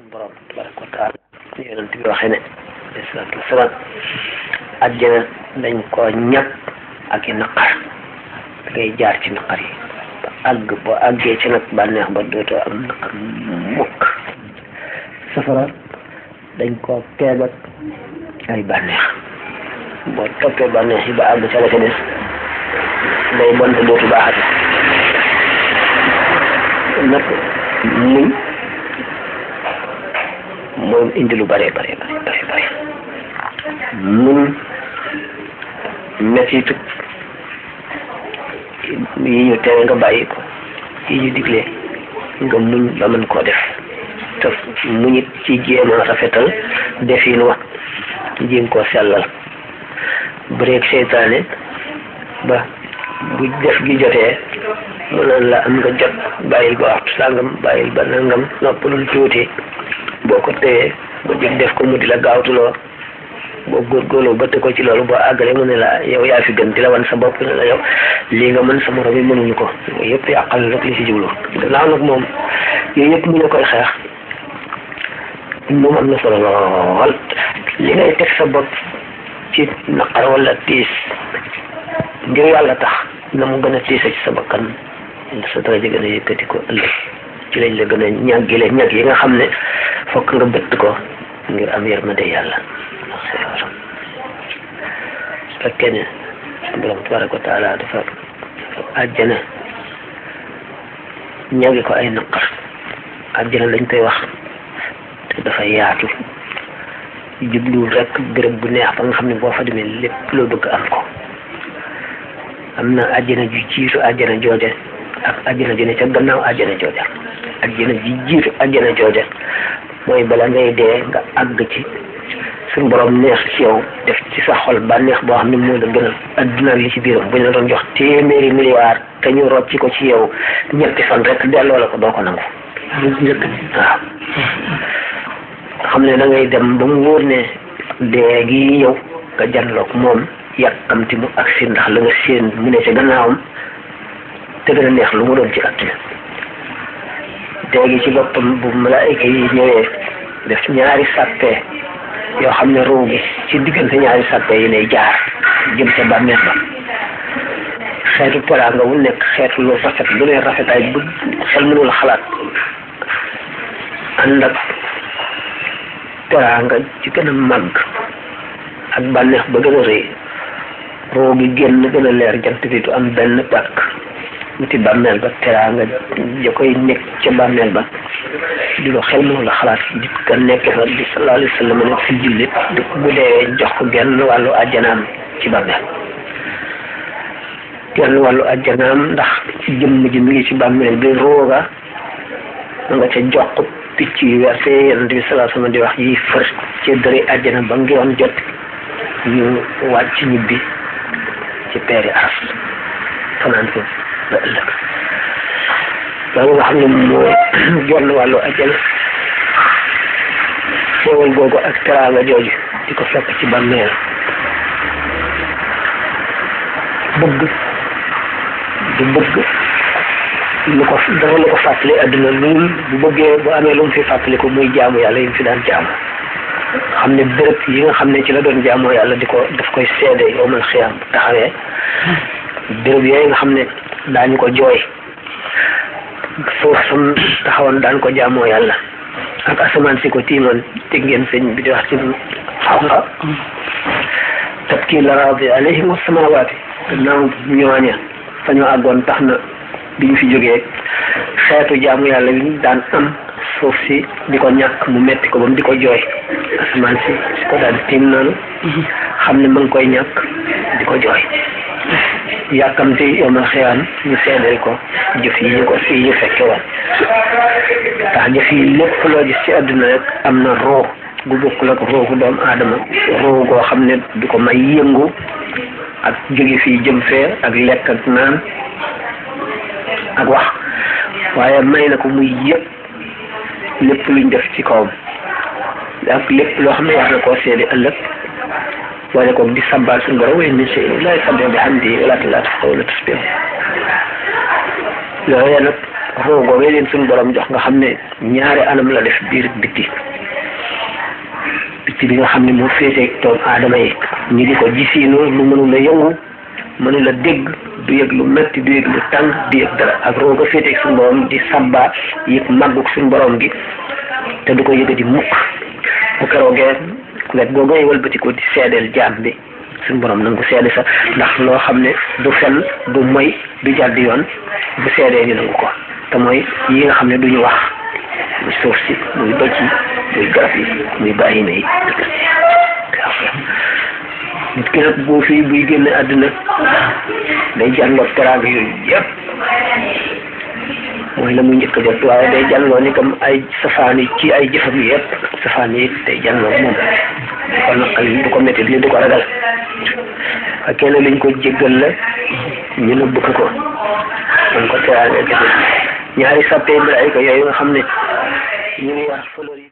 suñu borom tabaraka wa taala ci jaar ci naqar yi ba àgg ba ci nag bànneex ba dootoo am naqar mukk ay bànneex boo toppee bànneex yi ba àgg nag muñ moom indi lu bare bare bare bare bare mun mettitu yi ñu tere nga bàyyi ko yi ñu digle nga muñ ba mën koo def te muñit ci jéem rafetal defin wa jéem koo sellal bëreeg seytaane ba bu def gi jotee mu naan la am nga jot bàyyil ba waxtu sàngam bàyyil ba nangam noppalul tuuti boo ko téyee ba jóg def ko mu di la gaawtuloo boo góorgóorloo bëtt ko ci loolu boo àggalee mu ne la yow yaa fi gën di la wan sa bopp ne la yow lii nga man sa morom yi mënuñu ko yëpp yàqal rek li ci jublu gannaaw moom yooyu yëpp mu ne koy xeex moom am na solo lool li ngay teg sa bopp ci naqar wala tiis ngir yàlla tax na mu gën a tiisa ci sa bakkan sa daraja gën a yëkkati ko ëllëg ci lañ la gën a ñàggile ñàgg yi nga xam ne fokk nga bett ko ngir am yërmande yàlla ndax sa su fekkee ne suñu borom tabaraka wa taala dafa àjjana ñagi ko ay naqar àjjana lañ tey wax te dafa yaatu jubluwul rek béréb bu neex ba nga xam ne boo fa demee lépp loo bëgg am ko am na àjjana ju jiitu àjjana jooje ak àjjana ju ne ca gannaaw àjjana jooje àjjana jooje mooy bala ngay dee nga àgg ci suñ borom neex ci yow def ci sa xol bànneex boo xam ne moo la a adduna li ci biiram bu ñu la doon jox téeméeri milliards te ñu rocc ko ci yow ñetti fan rek delloo la ko doo ko nangu. waaw. xam ne da ngay dem ba mu wóor ne dee gi yow nga janloog moom yàkkamti mu agsi ndax la nga séen mu ne ca gannaawam te gën a neex lu ma doon ci àdduna. léegi ci boppam bu malaayika yi ñëwee def ñaari sàppe yoo xam ne ruu ci diggante ñaari sàppe yi lay jaar jëm ca bàmmeel ba xeetu teraanga wu nekk xeetu lu rafet lu ne ay bu xel mënul xalaat ànd ak teraanga ci gën a màgg ak bànneex ba gën a rëy roo gi gën a leer jant bi du am benn pàkk niti bàmmeel ba teraanga ja koy nekk ca bàmmeel ba di lu xel mënu la xalaat di ko nekk fa di sallallahu alayhi wa sallam ne ci bàmmeel genn wàllu àjjanaam ndax jëmm ji mi ngi ci bàmmeel bi rooga ma nga ca jox picc yu werte yonent bi di wax yi fër ci dëri àjjana ba ngiroon jot ñu wàcc ñibbi ci peeri aras fanaan foofu loolu nga xam ne moo genn wàllu ajjana xéewal googu ak teraanga jooju di ko fekk ci bàmmeel bëgg du bëgg lu ko dara lu ko fàttali àdduna lool bu bëggee bu amee lu mu fi fàttali muy jaamu yàlla yi mu fi daan jaamu xam ne béréb yi nga xam ne ci la doon jaamoo yàlla di ko daf koy seede yow mal xiyaam bu taxawee béréb yooyu nga xam ne daañu ko jooy suuf sum taxawoon daan ko jaamoo yàlla ak asamaan si ko tiimoon dégg ngeen sëñ bi di wax ci xaqa tabki la raadi alayhim asamawaati gannaaw ñooña fa ñu àggoon tax na bi fi jógee xeetu jaamu yàlla daan am suuf si di ko ñàkk mu metti mu di ko jooy asamaan si si ko daan tiim noonu mhm. xam ne ma koy ñàkk di ko jooy yàkkamte yowmal xiyaam ñu seedeel ko jëf yi ñu ko fii ñu fekke tax jëf yi lépp loo gis ci àdduna rek am na roo gu bokkul ak roogu doomu aadama roo goo xam ne du ko may yëngu ak jóge fi jëm fee ak lekk ak naan ak wax waaye may na ko muy yëpp lépp luñ def ci kawam ak lépp loo xam ne wax na koo seede ëllëg boole koog di sabbal suñu borom waaye min shay'in laa yusabbihu bihamdihi walaakin laa tafqahuuna tasbiihahum yooya nag ruu googee leen suñu borom jox nga xam ne ñaari anam la def biir bitti bitti bi nga xam ne moo féetee doomu aadama yi ñu di ko gisiinoo lu mënul a yëngu mënul a dégg du yëg lu metti du yëg lu tàng du yëg dara ak roo nga féetee suñu di sabba yëg màggug suñu borom gi te du ko yëgati mukk bu keroogee wet googu ay wëlbatiku di seedeel jaam bi suñu boroom na nga ko seede sax ndax loo xam ne du fen du moy du jàdd yoon bu seedee ñu nangu ko te mooy yi nga xam ne duñu wax muy suuf si muy doj yi muy garab yi muy bàyyi na yi nit ki nag boo fii buy génn àdduna day jàlloo teraanga yooyu yëpp mooy la muy njëkk a jot waaye day jàlloo ni comme ay safaani ci ay jëfam yëpp safaan yi day jànnoog moom du ko naqal du ko métti du ko ragal fekkee ne liñ ko jéggal la ñu nëbb ko ko dañ ko teraale ñaari sàppe Ibrahima yooyu nga xam ne